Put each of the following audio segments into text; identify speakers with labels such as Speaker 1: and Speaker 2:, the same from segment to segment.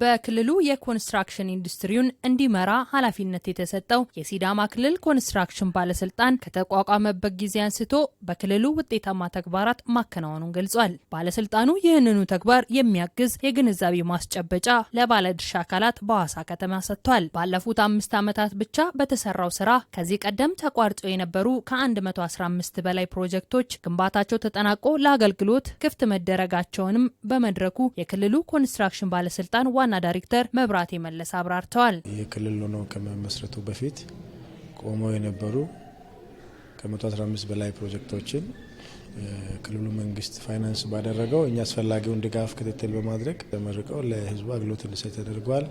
Speaker 1: በክልሉ የኮንስትራክሽን ኢንዱስትሪውን እንዲመራ ኃላፊነት የተሰጠው የሲዳማ ክልል ኮንስትራክሽን ባለስልጣን ከተቋቋመበት ጊዜ አንስቶ በክልሉ ውጤታማ ተግባራት ማከናወኑን ገልጿል። ባለስልጣኑ ይህንኑ ተግባር የሚያግዝ የግንዛቤ ማስጨበጫ ለባለድርሻ አካላት በሐዋሳ ከተማ ሰጥቷል። ባለፉት አምስት ዓመታት ብቻ በተሰራው ስራ ከዚህ ቀደም ተቋርጦ የነበሩ ከ115 በላይ ፕሮጀክቶች ግንባታቸው ተጠናቆ ለአገልግሎት ክፍት መደረጋቸውንም በመድረኩ የክልሉ ኮንስትራክሽን ባለስልጣን ዋና ዳይሬክተር መብራቴ የመለስ አብራርተዋል።
Speaker 2: ይህ ክልል ሆኖ ከመመስረቱ በፊት ቆመው የነበሩ ከ115 በላይ ፕሮጀክቶችን ክልሉ መንግስት ፋይናንስ ባደረገው እኛ አስፈላጊውን ድጋፍ ክትትል በማድረግ ተመርቀው ለህዝቡ አገልግሎት እንዲሰጥ ተደርጓል።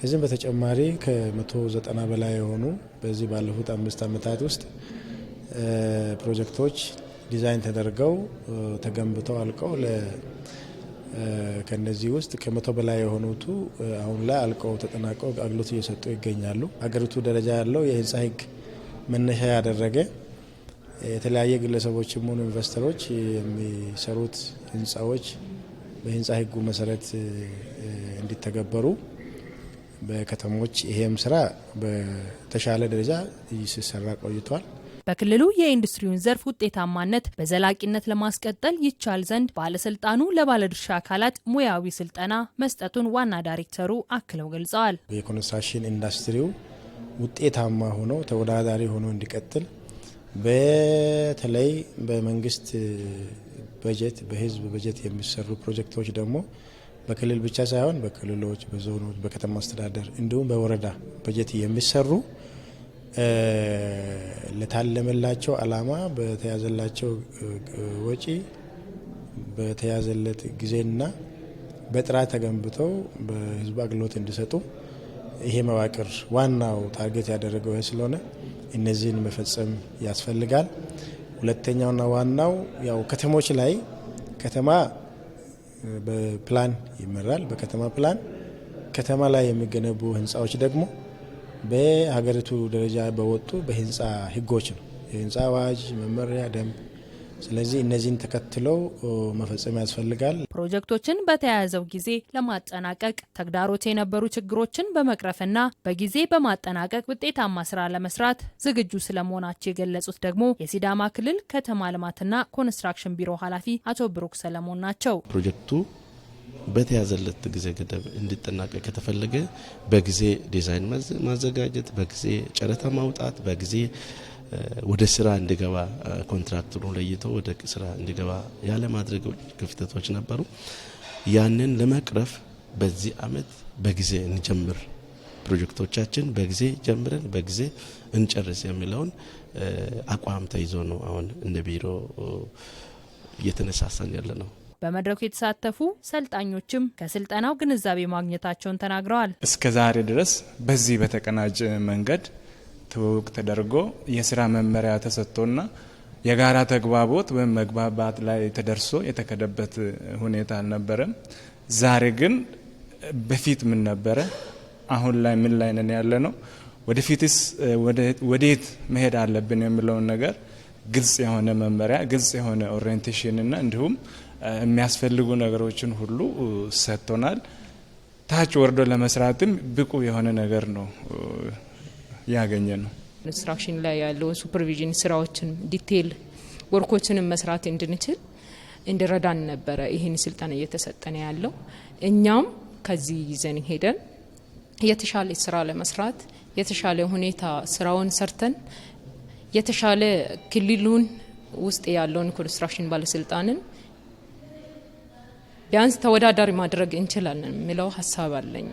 Speaker 2: ከዚህም በተጨማሪ ከ190 በላይ የሆኑ በዚህ ባለፉት አምስት ዓመታት ውስጥ ፕሮጀክቶች ዲዛይን ተደርገው ተገንብተው አልቀው ከነዚህ ውስጥ ከመቶ በላይ የሆኑቱ አሁን ላይ አልቀው ተጠናቀው አገልግሎት እየሰጡ ይገኛሉ። አገሪቱ ደረጃ ያለው የህንፃ ህግ መነሻ ያደረገ የተለያየ ግለሰቦችም ሆኑ ኢንቨስተሮች የሚሰሩት ህንፃዎች በህንፃ ህጉ መሰረት እንዲተገበሩ በከተሞች ይሄም ስራ በተሻለ ደረጃ ሲሰራ ቆይቷል።
Speaker 1: በክልሉ የኢንዱስትሪውን ዘርፍ ውጤታማነት በዘላቂነት ለማስቀጠል ይቻል ዘንድ ባለስልጣኑ ለባለድርሻ አካላት ሙያዊ ስልጠና መስጠቱን ዋና ዳይሬክተሩ አክለው ገልጸዋል።
Speaker 2: የኮንስትራክሽን ኢንዱስትሪው ውጤታማ ሆኖ ተወዳዳሪ ሆኖ እንዲቀጥል በተለይ በመንግስት በጀት በህዝብ በጀት የሚሰሩ ፕሮጀክቶች ደግሞ በክልል ብቻ ሳይሆን በክልሎች፣ በዞኖች፣ በከተማ አስተዳደር እንዲሁም በወረዳ በጀት የሚሰሩ ለታለመላቸው አላማ በተያዘላቸው ወጪ በተያዘለት ጊዜና በጥራት ተገንብተው በህዝብ አገልግሎት እንዲሰጡ ይሄ መዋቅር ዋናው ታርጌት ያደረገው ይህ ስለሆነ እነዚህን መፈጸም ያስፈልጋል። ሁለተኛውና ዋናው ያው ከተሞች ላይ ከተማ በፕላን ይመራል። በከተማ ፕላን ከተማ ላይ የሚገነቡ ህንፃዎች ደግሞ በሀገሪቱ ደረጃ በወጡ በህንፃ ህጎች ነው። የህንፃ አዋጅ፣ መመሪያ፣ ደንብ ስለዚህ እነዚህን ተከትለው መፈጸም ያስፈልጋል።
Speaker 1: ፕሮጀክቶችን በተያያዘው ጊዜ ለማጠናቀቅ ተግዳሮት የነበሩ ችግሮችን በመቅረፍና በጊዜ በማጠናቀቅ ውጤታማ ስራ ለመስራት ዝግጁ ስለመሆናቸው የገለጹት ደግሞ የሲዳማ ክልል ከተማ ልማትና ኮንስትራክሽን ቢሮ ኃላፊ አቶ ብሩክ ሰለሞን ናቸው።
Speaker 3: ፕሮጀክቱ በተያዘለት ጊዜ ገደብ እንዲጠናቀቅ ከተፈለገ በጊዜ ዲዛይን ማዘጋጀት፣ በጊዜ ጨረታ ማውጣት፣ በጊዜ ወደ ስራ እንዲገባ ኮንትራክተሩን ለይቶ ወደ ስራ እንዲገባ ያለ ማድረግ ክፍተቶች ነበሩ። ያንን ለመቅረፍ በዚህ አመት በጊዜ እንጀምር ፕሮጀክቶቻችን በጊዜ ጀምረን በጊዜ እንጨርስ የሚለውን አቋም ተይዞ ነው አሁን እንደ ቢሮ እየተነሳሳን ያለ ነው።
Speaker 1: በመድረኩ የተሳተፉ ሰልጣኞችም ከስልጠናው ግንዛቤ ማግኘታቸውን ተናግረዋል።
Speaker 4: እስከ ዛሬ ድረስ በዚህ በተቀናጀ መንገድ ትውውቅ ተደርጎ የስራ መመሪያ ተሰጥቶና የጋራ ተግባቦት ወይም መግባባት ላይ ተደርሶ የተከደበት ሁኔታ አልነበረም። ዛሬ ግን በፊት ምን ነበረ፣ አሁን ላይ ምን ላይ ነን ያለ ነው፣ ወደፊትስ ወዴት መሄድ አለብን የሚለውን ነገር ግልጽ የሆነ መመሪያ ግልጽ የሆነ ኦሪንቴሽንና እንዲሁም የሚያስፈልጉ ነገሮችን ሁሉ ሰጥቶናል። ታች ወርዶ ለመስራትም ብቁ የሆነ ነገር ነው ያገኘ ነው።
Speaker 5: ኢንስትራክሽን ላይ ያለውን ሱፐርቪዥን ስራዎችን ዲቴል ወርኮችንም መስራት እንድንችል እንድረዳን ነበረ ይህን ስልጠና እየተሰጠነ ያለው። እኛም ከዚህ ይዘን ሄደን የተሻለ ስራ ለመስራት የተሻለ ሁኔታ ስራውን ሰርተን የተሻለ ክልሉን ውስጥ ያለውን ኮንስትራክሽን ባለስልጣንን ቢያንስ ተወዳዳሪ ማድረግ እንችላለን የሚለው ሀሳብ አለኝ።